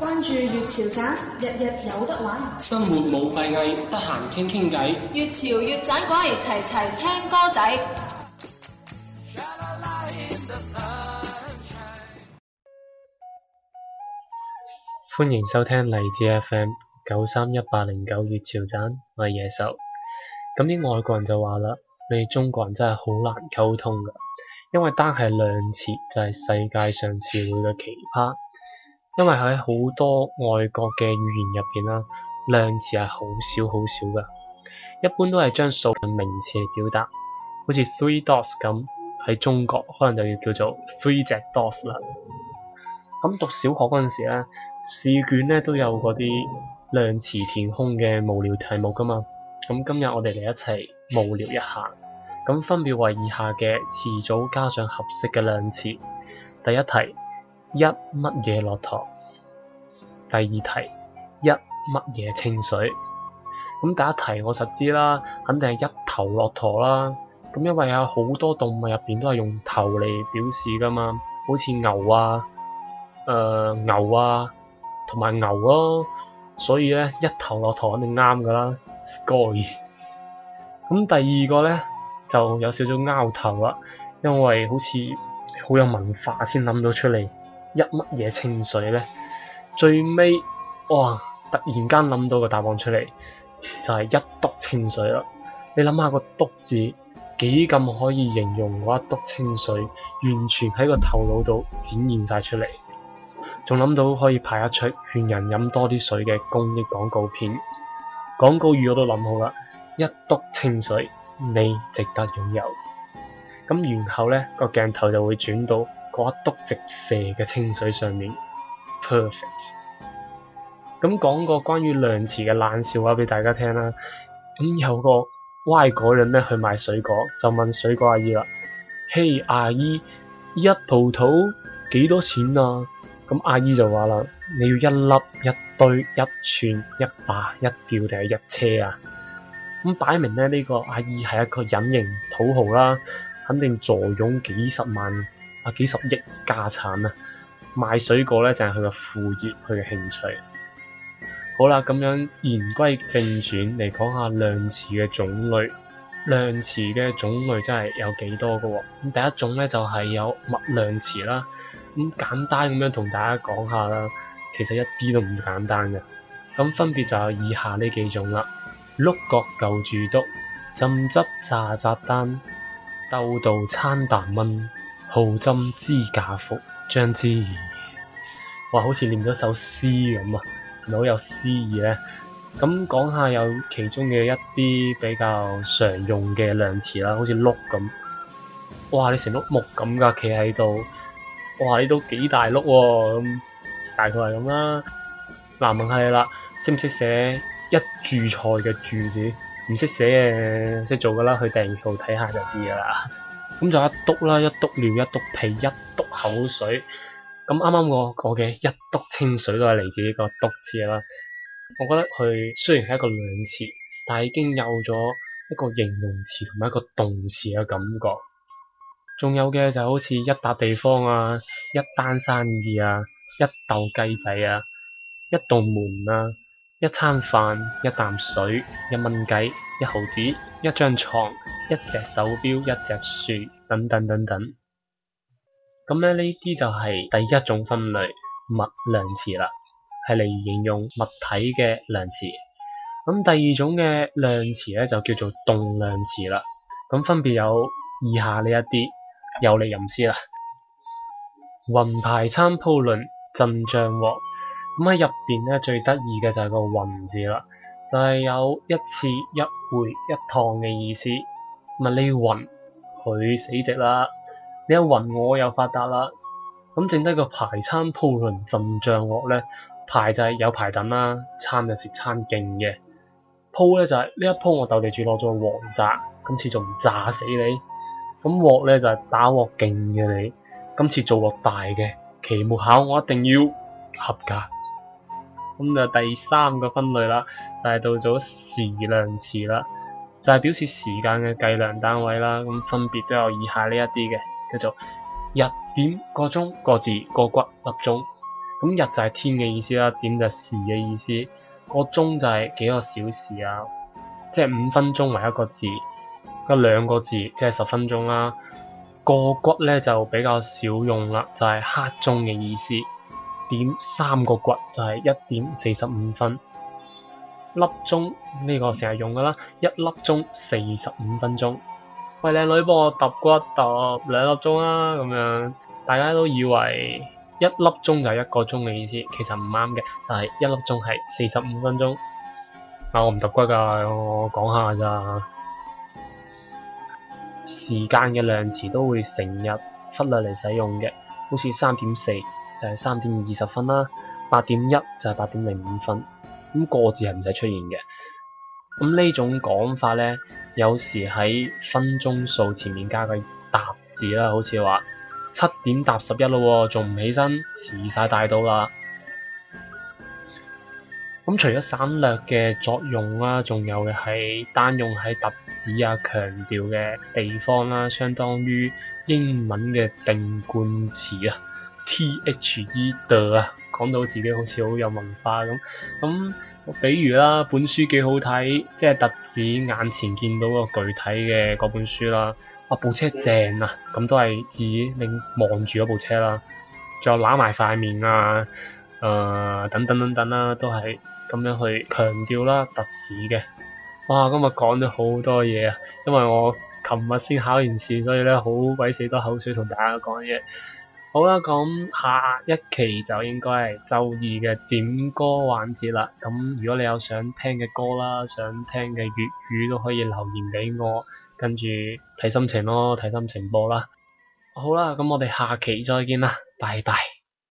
關注粵潮盞，日日有得玩。生活冇閉翳，得閒傾傾偈。粵潮粵盞，講嚟齊齊聽歌仔。歡迎收聽嚟自 F M 九三一八零九粵潮盞，我係野獸。咁啲外國人就話啦，你哋中國人真係好難溝通㗎，因為單係量詞就係、是、世界上詞彙嘅奇葩。因為喺好多外國嘅語言入邊啦，量詞係好少好少噶，一般都係將數同名詞嚟表達，好似 three dogs 咁。喺中國可能就要叫做 three 隻 dogs 啦。咁、嗯、讀小學嗰陣時咧，試卷咧都有嗰啲量詞填空嘅無聊題目噶嘛，咁今日我哋嚟一齊無聊一下，咁分別為以下嘅詞組加上合適嘅量詞。第一題。一乜嘢駱駝？第二題一乜嘢清水？咁第一題我實知啦，肯定係一頭駱駝啦。咁因為啊，好多動物入邊都係用頭嚟表示噶嘛，好似牛啊、誒、呃、牛啊同埋牛咯、啊，所以咧一頭駱駝肯定啱噶啦。Sky 咁 第二個咧就有少少拗頭啦，因為好似好有文化先諗到出嚟。一乜嘢清水呢？最尾哇，突然間諗到個答案出嚟，就係一篤清水啦！你諗下個篤字幾咁可以形容嗰一篤清水，完全喺個頭腦度展現晒出嚟，仲諗到可以拍一出勸人飲多啲水嘅公益廣告片，廣告語我都諗好啦，一篤清水你值得擁有。咁然後呢，個鏡頭就會轉到嗰一篤直射嘅清水上面，Perfect。咁講個關於量詞嘅冷笑話俾大家聽啦。咁有個歪果人咧去買水果，就問水果阿姨啦：嘿、hey，阿姨，一葡萄幾多錢啊？咁阿姨就話啦：你要一粒、一堆、一串、一把、一吊定係一車啊？咁擺明咧呢、呢個阿姨係一個隱形土豪啦，肯定坐擁幾十萬。啊！幾十億家產啊！賣水果咧，就係佢嘅副業，佢嘅興趣。好啦，咁樣言歸正傳嚟講下量詞嘅種類。量詞嘅種類真係有幾多嘅、啊？咁第一種咧就係、是、有物量詞啦。咁簡單咁樣同大家講下啦，其實一啲都唔簡單嘅。咁分別就係以下呢幾種啦、啊：碌角舊住篤、浸汁炸炸單、豆道餐啖、蚊。號針之假服，將之，哇，好似念咗首詩咁啊，係咪好有詩意咧？咁講下有其中嘅一啲比較常用嘅量詞啦，好似碌咁。哇，你成碌木咁架企喺度，哇，你都幾大碌咁、啊，大概係咁啦。嗱、啊，問下你啦，識唔識寫一注菜嘅注字？唔識寫嘅，識做噶啦，去第二號睇下就知噶啦。咁就一篤啦，一篤尿，一篤屁，一篤口水。咁啱啱我我講嘅一篤清水都係嚟自呢個篤字啦。我覺得佢雖然係一個量詞，但係已經有咗一個形容詞同埋一個動詞嘅感覺。仲有嘅就好似一笪地方啊，一單生意啊，一竇雞仔啊，一道門啊，一餐飯，一啖水，一蚊雞。一毫紙、一張床、一隻手錶、一隻樹，等等等等。咁咧，呢啲就係第一種分類物量詞啦，係嚟形容物體嘅量詞。咁第二種嘅量詞咧，就叫做動量詞啦。咁分別有以下呢一啲，有利吟詩啦。雲牌參鋪輪陣仗鑊，咁喺入邊咧最得意嘅就係個雲字啦。就係有一次一回一趟嘅意思，咪你暈佢死直啦，你一暈我又發達啦，咁剩低個排餐鋪輪浸醬鑊咧，排就係有排等啦，餐,餐就食餐勁嘅，鋪咧就係呢一鋪我鬥地主攞咗個王炸，今次仲唔炸死你？咁鑊咧就係、是、打鑊勁嘅你，今次做鑊大嘅，期末考我一定要合格。咁就第三個分類啦，就係、是、到咗時量詞啦，就係、是、表示時間嘅計量單位啦。咁分別都有以下呢一啲嘅，叫做日、點、個鐘、個字、個骨、粒鐘。咁日就係天嘅意思啦，點就係時嘅意思，個鐘就係幾個小時啊，即係五分鐘為一個字，個兩個字即係十分鐘啦、啊。個骨咧就比較少用啦，就係、是、刻鐘嘅意思。點三個骨就係一點四十五分，粒鐘呢個成日用噶啦，一粒鐘四十五分鐘。喂，靚女，幫我揼骨揼兩粒鐘啊！咁樣大家都以為一粒鐘就係一個鐘嘅意思，其實唔啱嘅，就係一粒鐘係四十五分鐘。啊，我唔揼骨噶，我講下咋？時間嘅量詞都會成日忽略嚟使用嘅，好似三點四。就係三點二十分啦，八點一就係八點零五分，咁、那個字係唔使出現嘅。咁呢種講法咧，有時喺分鐘數前面加個沓字啦，好似話七點沓十一咯，仲唔起身？遲晒大到啦。咁除咗省略嘅作用啦，仲有嘅係單用喺特指啊，強調嘅地方啦、啊，相當於英文嘅定冠詞啊。T.H.E.D. 啊，Th e, the, 講到自己好似好有文化咁。咁，比如啦，本書幾好睇，即係特指眼前見到個具體嘅嗰本書啦。哇、啊，部車正啊，咁都係指你望住嗰部車啦。仲有揦埋塊面啊，誒、呃，等等等等啦、啊，都係咁樣去強調啦、特指嘅。哇，今日講咗好多嘢，啊，因為我琴日先考完試，所以咧好鬼死多口水同大家講嘢。好啦，咁下一期就應該係周二嘅點歌環節啦。咁如果你有想聽嘅歌啦，想聽嘅粵語都可以留言畀我，跟住睇心情咯，睇心情播啦。好啦，咁我哋下期再見啦，拜拜。